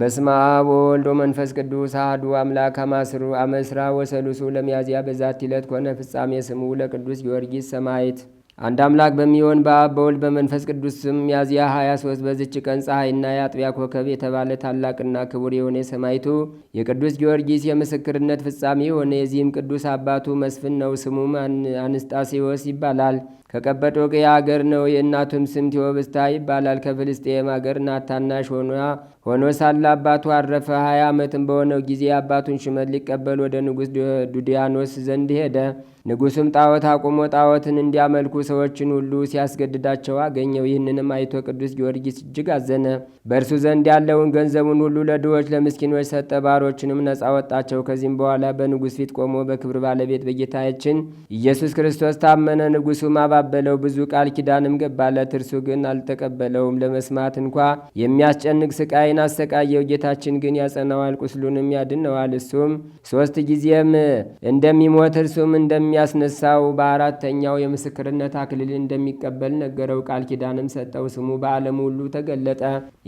በስመ አብ ወወልድ ወመንፈስ ቅዱስ አሐዱ አምላክ አማስሩ አመስራ ወሰሉሱ ለሚያዝያ በዛት ይለት ኮነ ፍጻሜ ስሙ ለቅዱስ ጊዮርጊስ ሰማይት አንድ አምላክ በሚሆን በአብ በወልድ በመንፈስ ቅዱስ ስም ሚያዝያ 23 በዝች ቀን ፀሐይና የአጥቢያ ኮከብ የተባለ ታላቅና ክቡር የሆነ ሰማይቱ የቅዱስ ጊዮርጊስ የምስክርነት ፍጻሜ የሆነ የዚህም ቅዱስ አባቱ መስፍን ነው። ስሙም አንስጣሴዎስ ይባላል። ከቀጰዶቅያ አገር ነው። የእናቱም ስም ቴዎብስታ ይባላል። ከፍልስጤም አገር ናት። ታናሽ ሆኖ ሳለ አባቱ አረፈ። ሀያ ዓመትም በሆነው ጊዜ አባቱን ሽመት ሊቀበል ወደ ንጉሥ ዱዲያኖስ ዘንድ ሄደ። ንጉሱም ጣዖት አቁሞ ጣዖትን እንዲያመልኩ ሰዎችን ሁሉ ሲያስገድዳቸው አገኘው። ይህንንም አይቶ ቅዱስ ጊዮርጊስ እጅግ አዘነ። በእርሱ ዘንድ ያለውን ገንዘቡን ሁሉ ለድሆች፣ ለምስኪኖች ሰጠ። ባሮችንም ነፃ ወጣቸው። ከዚህም በኋላ በንጉሥ ፊት ቆሞ በክብር ባለቤት በጌታችን ኢየሱስ ክርስቶስ ታመነ። ንጉሱም ።። አባ ተቀባበለው፣ ብዙ ቃል ኪዳንም ገባለት። እርሱ ግን አልተቀበለውም። ለመስማት እንኳ የሚያስጨንቅ ስቃይን አሰቃየው። ጌታችን ግን ያጸናዋል፣ ቁስሉንም ያድነዋል። እሱም ሶስት ጊዜም እንደሚሞት እርሱም እንደሚያስነሳው በአራተኛው የምስክርነት አክሊል እንደሚቀበል ነገረው። ቃል ኪዳንም ሰጠው። ስሙ በዓለም ሁሉ ተገለጠ።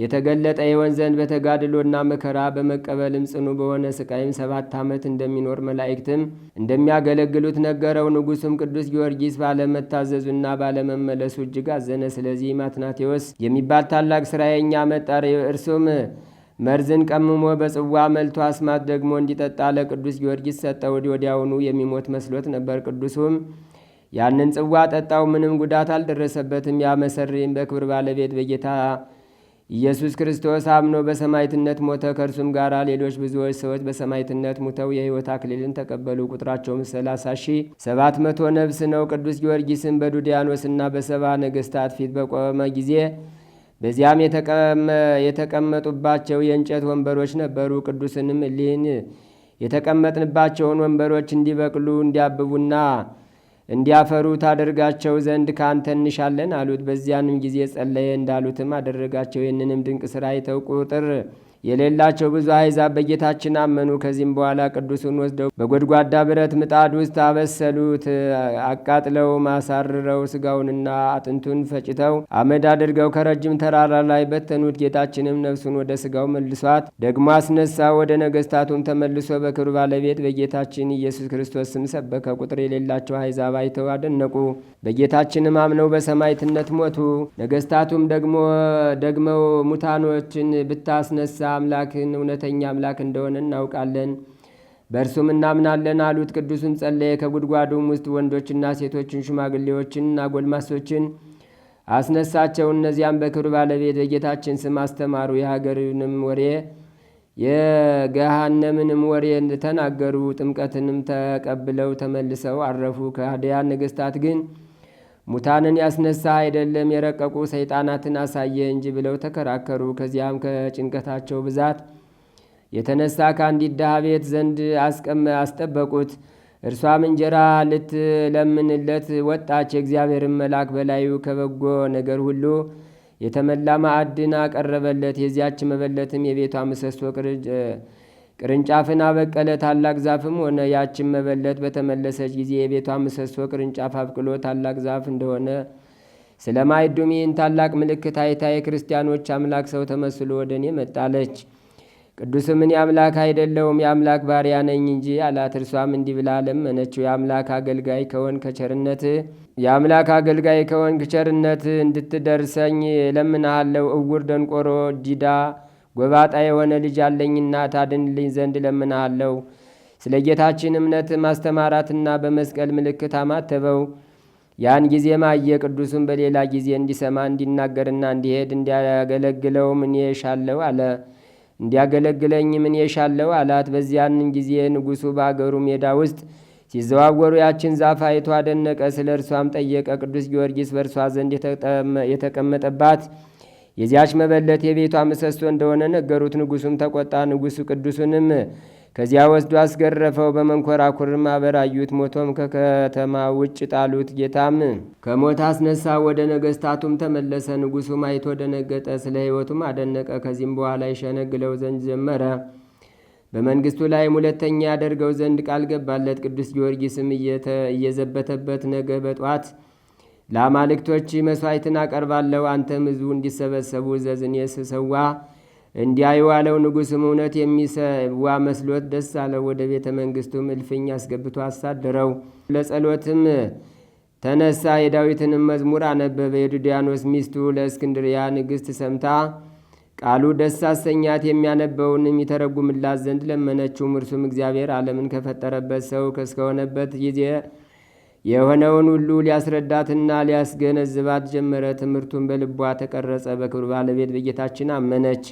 የተገለጠ ይሆን ዘንድ በተጋድሎና መከራ በመቀበልም ጽኑ በሆነ ስቃይም ሰባት ዓመት እንደሚኖር መላእክትም እንደሚያገለግሉት ነገረው። ንጉሱም ቅዱስ ጊዮርጊስ ባለመታዘዝ ባለመዘዙና ባለመመለሱ እጅግ አዘነ። ስለዚህ ማትናቴዎስ የሚባል ታላቅ ስራየኛ መጣር እርሱም መርዝን ቀምሞ በጽዋ መልቶ አስማት ደግሞ እንዲጠጣ ለቅዱስ ጊዮርጊስ ሰጠው። ወዲያውኑ የሚሞት መስሎት ነበር። ቅዱሱም ያንን ጽዋ ጠጣው፣ ምንም ጉዳት አልደረሰበትም። ያ መሰሪም በክብር ባለቤት በጌታ ኢየሱስ ክርስቶስ አምኖ በሰማይትነት ሞተ። ከእርሱም ጋር ሌሎች ብዙዎች ሰዎች በሰማይትነት ሙተው የሕይወት አክሊልን ተቀበሉ። ቁጥራቸውም ሰላሳ ሺ ሰባት መቶ ነፍስ ነው። ቅዱስ ጊዮርጊስም በዱዲያኖስና በሰባ ነገሥታት ፊት በቆመ ጊዜ በዚያም የተቀመጡባቸው የእንጨት ወንበሮች ነበሩ። ቅዱስንም እሊህን የተቀመጥንባቸውን ወንበሮች እንዲበቅሉ እንዲያብቡና እንዲያፈሩ ታደርጋቸው ዘንድ ከአንተ እንሻለን አሉት። በዚያንም ጊዜ ጸለየ፣ እንዳሉትም አደረጋቸው። ይህንንም ድንቅ ሥራ አይተው ቁጥር የሌላቸው ብዙ አሕዛብ በጌታችን አመኑ። ከዚህም በኋላ ቅዱሱን ወስደው በጎድጓዳ ብረት ምጣድ ውስጥ አበሰሉት። አቃጥለው ማሳርረው ስጋውንና አጥንቱን ፈጭተው አመድ አድርገው ከረጅም ተራራ ላይ በተኑት። ጌታችንም ነፍሱን ወደ ስጋው መልሷት ደግሞ አስነሳ። ወደ ነገስታቱም ተመልሶ በክብር ባለቤት በጌታችን ኢየሱስ ክርስቶስ ስም ሰበከ። ቁጥር የሌላቸው አሕዛብ አይተው አደነቁ። በጌታችንም አምነው በሰማዕትነት ሞቱ። ነገስታቱም ደግሞ ደግመው ሙታኖችን ብታስነሳ አምላክን እውነተኛ አምላክ እንደሆነ እናውቃለን፣ በእርሱም እናምናለን አሉት። ቅዱስም ጸለየ። ከጉድጓዱም ውስጥ ወንዶችና ሴቶችን ሽማግሌዎችንና ጎልማሶችን አስነሳቸው። እነዚያም በክብር ባለቤት በጌታችን ስም አስተማሩ። የሀገርንም ወሬ የገሃነምንም ወሬ ተናገሩ። ጥምቀትንም ተቀብለው ተመልሰው አረፉ። ከሃዲያን ነገሥታት ግን ሙታንን ያስነሳ አይደለም የረቀቁ ሰይጣናትን አሳየ እንጂ ብለው ተከራከሩ። ከዚያም ከጭንቀታቸው ብዛት የተነሳ ከአንዲት ድሃ ቤት ዘንድ አስጠበቁት። እርሷም እንጀራ ልትለምንለት ወጣች። የእግዚአብሔርን መልአክ በላዩ ከበጎ ነገር ሁሉ የተመላ ማዕድን አቀረበለት። የዚያች መበለትም የቤቷ ምሰሶ ቅርንጫፍን አበቀለ፣ ታላቅ ዛፍም ሆነ። ያችን መበለት በተመለሰች ጊዜ የቤቷ ምሰሶ ቅርንጫፍ አብቅሎ ታላቅ ዛፍ እንደሆነ ስለ ማይዱም ይህን ታላቅ ምልክት አይታ የክርስቲያኖች አምላክ ሰው ተመስሎ ወደ እኔ መጣለች። ቅዱስም እኔ አምላክ አይደለውም የአምላክ ባሪያ ነኝ እንጂ አላት። እርሷም እንዲህ ብላ ለመነችው፣ የአምላክ አገልጋይ ከሆንክ ከቸርነት የአምላክ አገልጋይ ከሆንክ ቸርነትህ እንድትደርሰኝ ለምናሃለው። እውር፣ ደንቆሮ፣ ዲዳ ጎባጣ የሆነ ልጅ አለኝና ታድንልኝ ዘንድ እለምንሃለሁ። ስለ ጌታችን እምነት ማስተማራትና በመስቀል ምልክት አማተበው። ያን ጊዜም አየ። ቅዱሱን በሌላ ጊዜ እንዲሰማ እንዲናገርና እንዲሄድ እንዲያገለግለው ምን የሻለው አለ። እንዲያገለግለኝ ምን የሻለው አላት። በዚያን ጊዜ ንጉሱ በአገሩ ሜዳ ውስጥ ሲዘዋወሩ ያችን ዛፍ አይቶ አደነቀ። ስለ እርሷም ጠየቀ። ቅዱስ ጊዮርጊስ በእርሷ ዘንድ የተቀመጠባት የዚያች መበለት የቤቷ ምሰሶ እንደሆነ ነገሩት። ንጉሱም ተቆጣ። ንጉሱ ቅዱሱንም ከዚያ ወስዶ አስገረፈው። በመንኮራኩርም አበራዩት። ሞቶም ከከተማ ውጭ ጣሉት። ጌታም ከሞት አስነሳ። ወደ ነገስታቱም ተመለሰ። ንጉሱም አይቶ ደነገጠ፣ ስለ ሕይወቱም አደነቀ። ከዚህም በኋላ ይሸነግለው ዘንድ ጀመረ። በመንግስቱ ላይም ሁለተኛ ያደርገው ዘንድ ቃል ገባለት። ቅዱስ ጊዮርጊስም እየዘበተበት ነገ በጧት ለአማልክቶች መሥዋዕትን አቀርባለሁ። አንተም ህዝቡ እንዲሰበሰቡ ዘዝን እኔ ስሰዋ እንዲያዩ ንጉሥም እውነት የሚሰዋ መስሎት ደስ አለው። ወደ ቤተ መንግሥቱም እልፍኝ አስገብቶ አሳደረው። ለጸሎትም ተነሳ። የዳዊትንም መዝሙር አነበበ። የዱድያኖስ ሚስቱ ለእስክንድሪያ ንግሥት ሰምታ ቃሉ ደስ አሰኛት። የሚያነበውንም ይተረጉምላት ዘንድ ለመነችውም። እርሱም እግዚአብሔር ዓለምን ከፈጠረበት ሰው እስከሆነበት ጊዜ የሆነውን ሁሉ ሊያስረዳትና ሊያስገነዝባት ጀመረ። ትምህርቱን በልቧ ተቀረጸ። በክብር ባለቤት በጌታችን አመነች።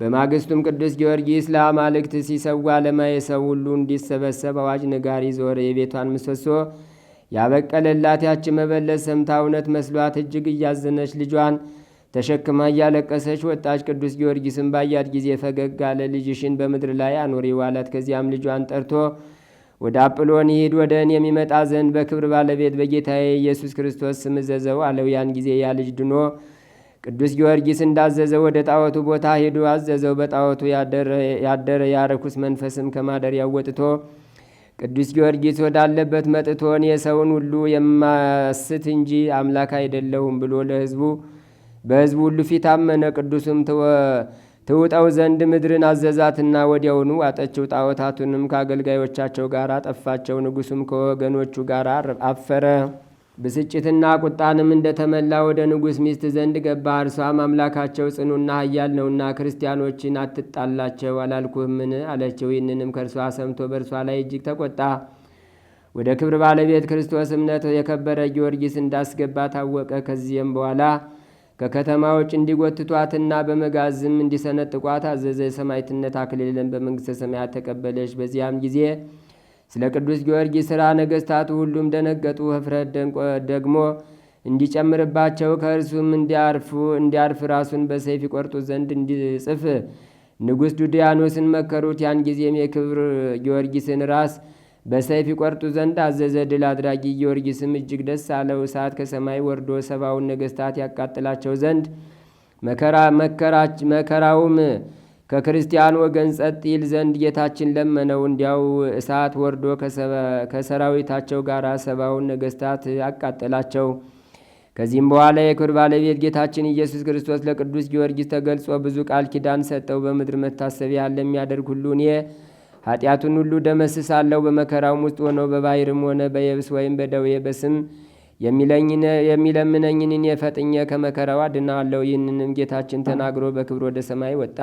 በማግስቱም ቅዱስ ጊዮርጊስ ለአማልክት ሲሰዋ ለማየሰው ሁሉ እንዲሰበሰብ አዋጅ ነጋሪ ዞር የቤቷን ምሰሶ ያበቀለላት ያች መበለት ሰምታ እውነት መስሏት እጅግ እያዘነች ልጇን ተሸክማ እያለቀሰች ወጣች። ቅዱስ ጊዮርጊስን ባያት ጊዜ ፈገግ አለ። ልጅሽን በምድር ላይ አኑሪ ዋላት። ከዚያም ልጇን ጠርቶ ወደ አጵሎን ይሂድ ወደ እኔ የሚመጣ ዘንድ በክብር ባለቤት በጌታዬ ኢየሱስ ክርስቶስ ስም እዘዘው አለው። ያን ጊዜ ያ ልጅ ድኖ ቅዱስ ጊዮርጊስ እንዳዘዘው ወደ ጣዖቱ ቦታ ሄዱ አዘዘው። በጣዖቱ ያደረ ያረኩስ መንፈስም ከማደሪያው ወጥቶ ቅዱስ ጊዮርጊስ ወዳለበት መጥቶ እኔ ሁሉ የማስት እንጂ አምላክ አይደለሁም ብሎ ለሕዝቡ በሕዝቡ ሁሉ ፊት አመነ። ቅዱስም ትውጠው ዘንድ ምድርን አዘዛትና ወዲያውኑ ዋጠችው። ጣዖታቱንም ከአገልጋዮቻቸው ጋር አጠፋቸው። ንጉሱም ከወገኖቹ ጋር አፈረ። ብስጭትና ቁጣንም እንደተመላ ወደ ንጉሥ ሚስት ዘንድ ገባ። እርሷም አምላካቸው ጽኑና ኃያል ነውና ክርስቲያኖችን አትጣላቸው አላልኩህምን? አለችው። ይህንንም ከእርሷ ሰምቶ በእርሷ ላይ እጅግ ተቆጣ። ወደ ክብር ባለቤት ክርስቶስ እምነት የከበረ ጊዮርጊስ እንዳስገባ ታወቀ። ከዚህም በኋላ ከከተማ ውጭ እንዲጎትቷትና በመጋዝም እንዲሰነጥቋት አዘዘ። የሰማዕትነት አክሊልን በመንግሥተ ሰማያት ተቀበለች። በዚያም ጊዜ ስለ ቅዱስ ጊዮርጊስ ሥራ ነገሥታቱ ሁሉም ደነገጡ። ኅፍረት ደግሞ እንዲጨምርባቸው ከእርሱም እንዲያርፉ እንዲያርፍ ራሱን በሰይፍ ይቆርጡ ዘንድ እንዲጽፍ ንጉሥ ዱድያኖስን መከሩት። ያን ጊዜም የክብር ጊዮርጊስን ራስ በሰይፍ ይቆርጡ ዘንድ አዘዘ። ድል አድራጊ ጊዮርጊስም እጅግ ደስ አለው። እሳት ከሰማይ ወርዶ ሰባውን ነገሥታት ያቃጥላቸው ዘንድ መከራውም ከክርስቲያን ወገን ጸጥ ይል ዘንድ ጌታችን ለመነው። እንዲያው እሳት ወርዶ ከሰራዊታቸው ጋር ሰባውን ነገሥታት አቃጠላቸው። ከዚህም በኋላ የክብር ባለቤት ጌታችን ኢየሱስ ክርስቶስ ለቅዱስ ጊዮርጊስ ተገልጾ ብዙ ቃል ኪዳን ሰጠው። በምድር መታሰቢያ ለሚያደርግ ሁሉ እኔ ኃጢአቱን ሁሉ ደመስሳለሁ። በመከራውም ውስጥ ሆኖ በባህርም ሆነ በየብስ ወይም በደዌ በስም የሚለምነኝን የፈጥኘ ፈጥኜ ከመከራው አድናለሁ። ይህንንም ጌታችን ተናግሮ በክብር ወደ ሰማይ ወጣ።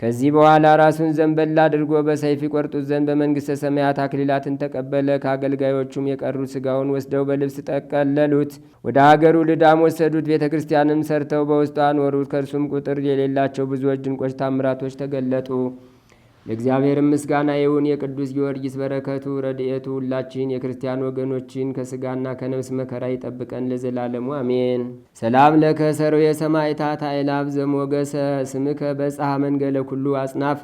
ከዚህ በኋላ ራሱን ዘንበል አድርጎ በሰይፍ ቆርጡ ዘንድ በመንግሥተ ሰማያት አክሊላትን ተቀበለ። ከአገልጋዮቹም የቀሩት ሥጋውን ወስደው በልብስ ጠቀለሉት፣ ወደ አገሩ ልዳም ወሰዱት። ቤተ ክርስቲያንም ሰርተው በውስጧ አኖሩት። ከእርሱም ቁጥር የሌላቸው ብዙዎች ድንቆች ታምራቶች ተገለጡ። ለእግዚአብሔር ምስጋና ይሁን። የቅዱስ ጊዮርጊስ በረከቱ ረድኤቱ ሁላችን የክርስቲያን ወገኖችን ከስጋና ከነፍስ መከራ ይጠብቀን ለዘላለሙ አሜን። ሰላም ለከ የሰማይ ታታ አእላፍ ዘሞገሰ ስምከ በጽሐ መንገለ ኩሉ አጽናፍ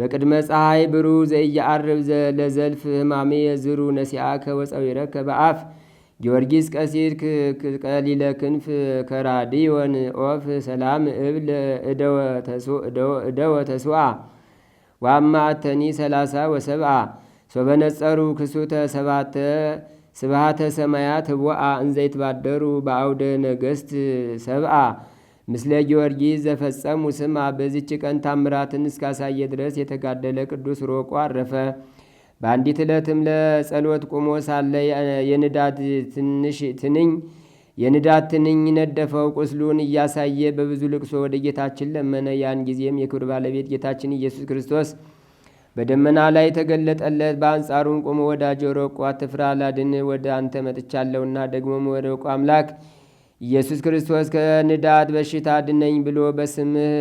በቅድመ ፀሐይ ብሩ ዘየአርብ ለዘልፍ ህማሜ ዝሩ ነሲአከ ወፀዊረከ በአፍ ጊዮርጊስ ቀሲር ቀሊለ ክንፍ ከራዲዮን ኦፍ ሰላም እብል እደወ ተስዋ ዋማ አተኒ ሰላሳ ወሰብአ ሶበነጸሩ ክሱተ ሰባተ ስብሃተ ሰማያት እንዘይት እንዘይትባደሩ በአውደ ነገስት ሰብአ ምስለ ጊዮርጊስ ዘፈጸሙ ስማ። በዚች ቀን ታምራትን እስካሳየ ድረስ የተጋደለ ቅዱስ ሮቆ አረፈ። በአንዲት ዕለትም ለጸሎት ቁሞ ሳለ የንዳድ ትንሽ ትንኝ የንዳት ትንኝ ነደፈው፣ ቁስሉን እያሳየ በብዙ ልቅሶ ወደ ጌታችን ለመነ። ያን ጊዜም የክብር ባለቤት ጌታችን ኢየሱስ ክርስቶስ በደመና ላይ ተገለጠለት። በአንጻሩም ቆሞ ወዳጄ ሮቆ አትፍራ፣ ላድን ወደ አንተ መጥቻለሁና ደግሞም ወደ ሮቆ አምላክ ኢየሱስ ክርስቶስ ከንዳድ በሽታ ድነኝ ብሎ በስምህ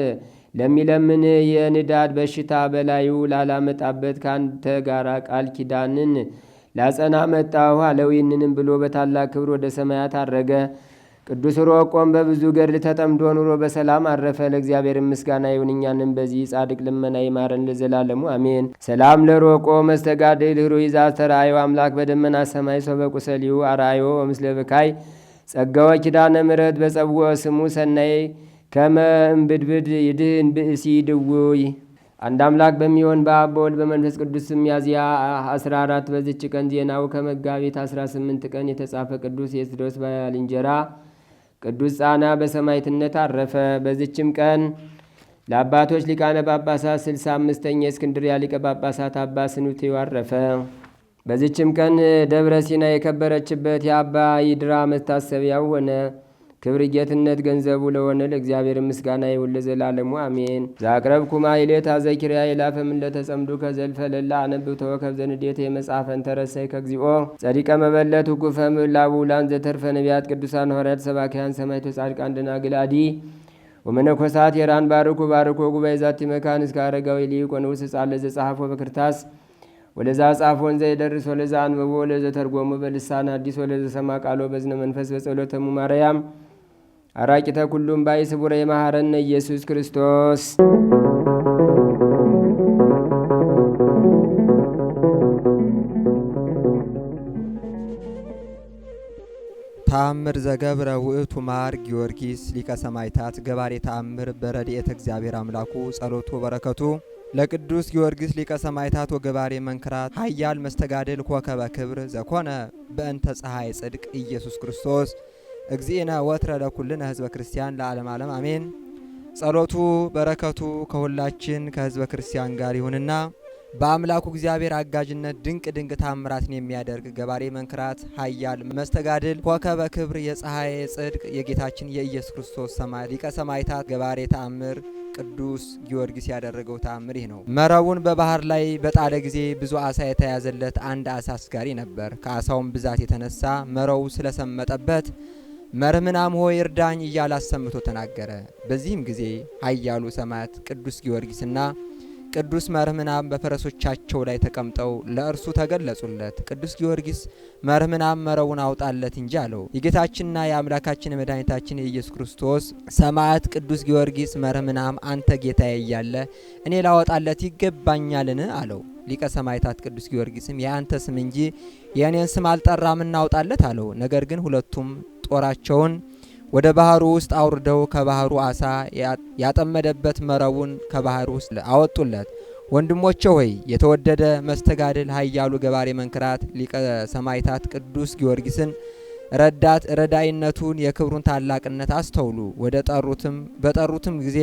ለሚለምን የንዳድ በሽታ በላዩ ላላመጣበት ከአንተ ጋር ቃል ኪዳንን ላጸና መጣሁ አለው። ይህንንም ብሎ በታላቅ ክብር ወደ ሰማያት አረገ። ቅዱስ ሮቆም በብዙ ገድል ተጠምዶ ኑሮ በሰላም አረፈ። ለእግዚአብሔር ምስጋና ይሁን፣ እኛንም በዚህ ጻድቅ ልመና ይማረን ለዘላለሙ አሜን። ሰላም ለሮቆ መስተጋድል ህሩይ ይዛ ተራዩ አምላክ በደመና ሰማይ ሶበቁሰሊሁ አራዮ ምስለ ብካይ ጸጋወ ኪዳነ ምረት በጸውኦ ስሙ ሰናይ ከመ እምብድብድ ይድህን ብእሲ ድውይ አንድ አምላክ በሚሆን በአብ በወልድ በመንፈስ ቅዱስም ሚያዝያ 14 በዚች ቀን ዜናው ከመጋቢት 18 ቀን የተጻፈ ቅዱስ የስድሮስ ባልንጀራ ቅዱስ ጻና በሰማይትነት አረፈ። በዚችም ቀን ለአባቶች ሊቃነ ጳጳሳት 65ኛ የእስክንድርያ ሊቀ ጳጳሳት አባ ስኑቴው አረፈ። በዚችም ቀን ደብረ ሲና የከበረችበት የአባ ይድራ መታሰቢያው ሆነ። ክብር ጌትነት ገንዘቡ ለሆነ ለእግዚአብሔር ምስጋና ይሁን ለዘላለሙ አሜን። ዛቅረብኩማ ይሌታ ዘኪርያ ይላፈምን ለተጸምዱ ከዘልፈለላ አነብብተወ ከብዘንዴት የመጽሐፈን ተረሰይ ከግዚኦ ጸዲቀ መበለት ኩፈም ላቡላን ዘተርፈ ነቢያት ቅዱሳን ሐዋርያት ሰባኪያን ሰማዕታት ጻድቃን ደናግል አዲ ወመነኮሳት የራን ባርኩ ባርኮ ጉባኤ ዛቲ መካን እስከ አረጋዊ ሊቅ ወንውስ ጻለ ዘጸሐፎ በክርታስ ወለዛ ጻፎ ወንዘ የደርስ ወለዛ አንብቦ ወለዘ ተርጎሙ በልሳን አዲስ ወለዘ ሰማ ቃሎ በዝነ መንፈስ በጸሎተሙ ማርያም አራቂተ ኩሉም ባይ ስቡረ የማሐረነ ኢየሱስ ክርስቶስ ተአምር ዘገብረ ውእቱ ማር ጊዮርጊስ ሊቀ ሰማይታት ገባሬ ተአምር በረድኤተ እግዚአብሔር አምላኩ ጸሎቱ በረከቱ ለቅዱስ ጊዮርጊስ ሊቀ ሰማይታት ወገባሬ መንክራት ሀያል መስተጋደል ኮከበ ክብር ዘኮነ በእንተ ፀሐይ ጽድቅ ኢየሱስ ክርስቶስ እግዚእነ ወትረ ለኩልነ ህዝበ ክርስቲያን ለዓለም ዓለም አሜን። ጸሎቱ በረከቱ ከሁላችን ከህዝበ ክርስቲያን ጋር ይሁንና በአምላኩ እግዚአብሔር አጋዥነት ድንቅ ድንቅ ታምራትን የሚያደርግ ገባሬ መንክራት ኃያል መስተጋድል ኮከበ ክብር የፀሐይ ጽድቅ የጌታችን የኢየሱስ ክርስቶስ ሰማይ ሊቀ ሰማይታት ገባሬ ተአምር ቅዱስ ጊዮርጊስ ያደረገው ተአምር ይህ ነው። መረቡን በባህር ላይ በጣለ ጊዜ ብዙ አሳ የተያዘለት አንድ አሳ አስጋሪ ነበር። ከአሳውም ብዛት የተነሳ መረቡ ስለሰመጠበት መርምናም ሆይ እርዳኝ እያለ አሰምቶ ተናገረ። በዚህም ጊዜ ኃያሉ ሰማዕት ቅዱስ ጊዮርጊስና ቅዱስ መርምናም በፈረሶቻቸው ላይ ተቀምጠው ለእርሱ ተገለጹለት። ቅዱስ ጊዮርጊስ መርምናም መረቡን አውጣለት እንጂ አለው። የጌታችንና የአምላካችን የመድኃኒታችን የኢየሱስ ክርስቶስ ሰማዕት ቅዱስ ጊዮርጊስ መርምናም አንተ ጌታዬ እያለ እኔ ላወጣለት ይገባኛልን? አለው። ሊቀ ሰማዕታት ቅዱስ ጊዮርጊስም የአንተ ስም እንጂ የእኔን ስም አልጠራም እናውጣለት አለው። ነገር ግን ሁለቱም ጦራቸውን ወደ ባህሩ ውስጥ አውርደው ከባህሩ አሳ ያጠመደበት መረቡን ከባህር ውስጥ አወጡለት። ወንድሞቼ ሆይ የተወደደ መስተጋድል ኃያሉ ገባሬ መንክራት ሊቀ ሰማይታት ቅዱስ ጊዮርጊስን ረዳት ረዳይነቱን የክብሩን ታላቅነት አስተውሉ። ወደ ጠሩትም በጠሩትም ጊዜ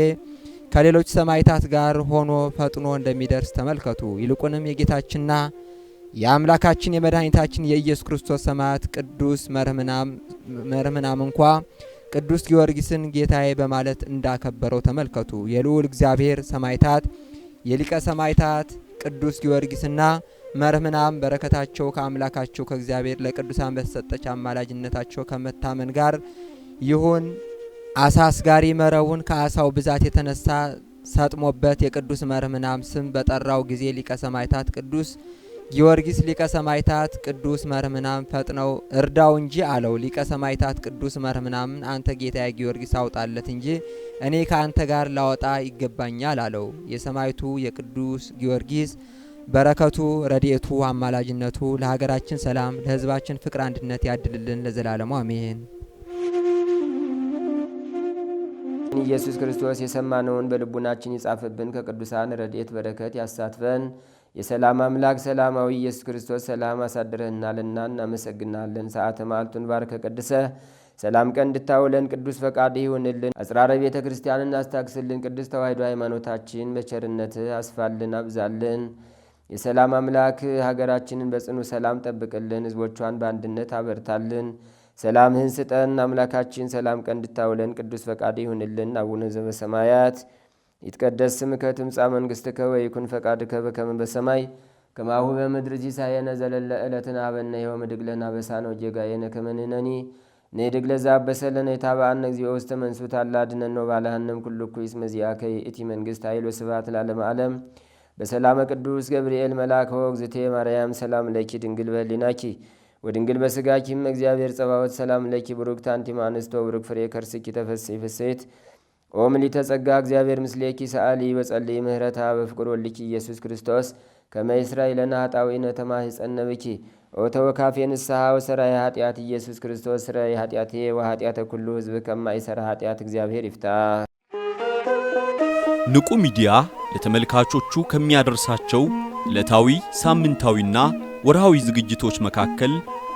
ከሌሎች ሰማይታት ጋር ሆኖ ፈጥኖ እንደሚደርስ ተመልከቱ። ይልቁንም የጌታችንና የአምላካችን የመድኃኒታችን የኢየሱስ ክርስቶስ ሰማዕት ቅዱስ መርህምናም እንኳ ቅዱስ ጊዮርጊስን ጌታዬ በማለት እንዳከበረው ተመልከቱ። የልዑል እግዚአብሔር ሰማዕታት የሊቀ ሰማዕታት ቅዱስ ጊዮርጊስና መርህምናም በረከታቸው ከአምላካቸው ከእግዚአብሔር ለቅዱሳን በተሰጠች አማላጅነታቸው ከመታመን ጋር ይሁን። አሳ አስጋሪ መረቡን ከአሳው ብዛት የተነሳ ሰጥሞበት የቅዱስ መርህምናም ስም በጠራው ጊዜ ሊቀ ሰማዕታት ቅዱስ ጊዮርጊስ ሊቀ ሰማይታት ቅዱስ መርምናም ፈጥነው እርዳው እንጂ አለው። ሊቀ ሰማይታት ቅዱስ መርምናምን አንተ ጌታዬ ጊዮርጊስ አውጣለት እንጂ እኔ ከአንተ ጋር ላወጣ ይገባኛል አለው። የሰማይቱ የቅዱስ ጊዮርጊስ በረከቱ፣ ረድኤቱ፣ አማላጅነቱ ለሀገራችን ሰላም፣ ለህዝባችን ፍቅር፣ አንድነት ያድልልን ለዘላለሙ አሜን። ኢየሱስ ክርስቶስ የሰማነውን በልቡናችን ይጻፍብን፣ ከቅዱሳን ረድኤት በረከት ያሳትፈን የሰላም አምላክ ሰላማዊ ኢየሱስ ክርስቶስ ሰላም አሳድረህናልና እናመሰግናለን። ሰዓተ ማልቱን ባርከ ቀድሰ ሰላም ቀን እንድታውለን ቅዱስ ፈቃድ ይሁንልን። አጽራረ ቤተ ክርስቲያን አስታግስልን። ቅዱስ ተዋሕዶ ሃይማኖታችን በቸርነት አስፋልን፣ አብዛልን። የሰላም አምላክ ሀገራችንን በጽኑ ሰላም ጠብቅልን፣ ህዝቦቿን በአንድነት አበርታልን። ሰላምህን ስጠን አምላካችን። ሰላም ቀን እንድታውለን ቅዱስ ፈቃድ ይሁንልን። አቡነ ዘበሰማያት ይትቀደስ ስምከ ትምጻእ መንግሥትከ ወይኩን ፈቃድከ በከመ በሰማይ ከማሁ በምድር ሲሳየነ ዘለለ ዕለትነ ሀበነ ዮም ወኅድግ ለነ አበሳነ ወጌጋየነ ከመ ንሕነኒ ንኅድግ ለዘአበሰ ለነ የታብአነ እግዚኦ ውስተ መንሱት አላ ባልሃንም ኩሉ እኩይ እስመ ዚአከ ይእቲ መንግሥት ኃይል ወስብሐት ለዓለመ ዓለም በሰላመ ቅዱስ ገብርኤል መልአክ ወእግዝእቴ ማርያም ሰላም ለኪ ድንግል በኅሊናኪ ወድንግል በስጋኪም እግዚአብሔር ጸባዖት ሰላም ለኪ ቡርክት አንቲ እምአንስቶ ቡሩክ ፍሬ ከርስኪ ተፈሥሒ ፍሥሕት ኦ ምልዕተ እግዚአብሔር ምስሌኪ ሰአሊ በጸልይ ምህረታ በፍቅር ወልኪ ኢየሱስ ክርስቶስ ከመ ይስራይ ለነ ኃጣውኢነ ተማኅፀነ ብኪ ኦ ተወካፌ ንስሓ ወሰራይ ኃጢአት ኢየሱስ ክርስቶስ ስራይ የኃጢአት ወኃጢአተ ኩሉ ሕዝብ ከማይሰራ ኃጢአት እግዚአብሔር ይፍታ። ንቁ ሚዲያ ለተመልካቾቹ ከሚያደርሳቸው ዕለታዊ ሳምንታዊና ወርሃዊ ዝግጅቶች መካከል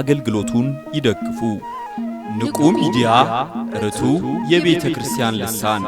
አገልግሎቱን ይደግፉ። ንቁ ሚዲያ ርቱ የቤተ ክርስቲያን ልሳን